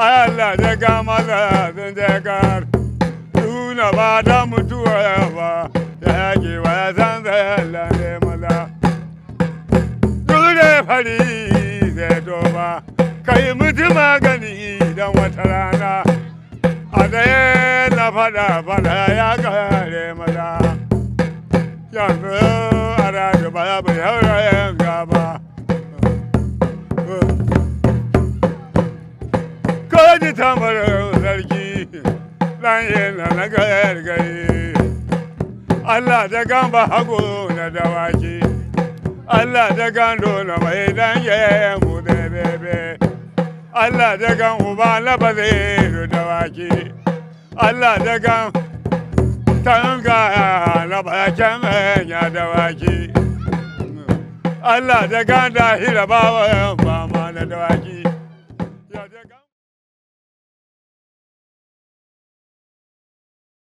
alla de gamada den de gar una bada mutu ava de ji wa zan de alla de mala dule phali de doba kai mutu magani da watarana ade na bada bada ya ga de mala ya ara de bada bada ya tamar sarki dan yana na gayar gaye Allah da gamba hago na dawaki Allah da gando na mai da bebe Allah da gan uba na bazai dawaki Allah da gan tanga na ya dawaki da gan da hira bawa mama na dawaki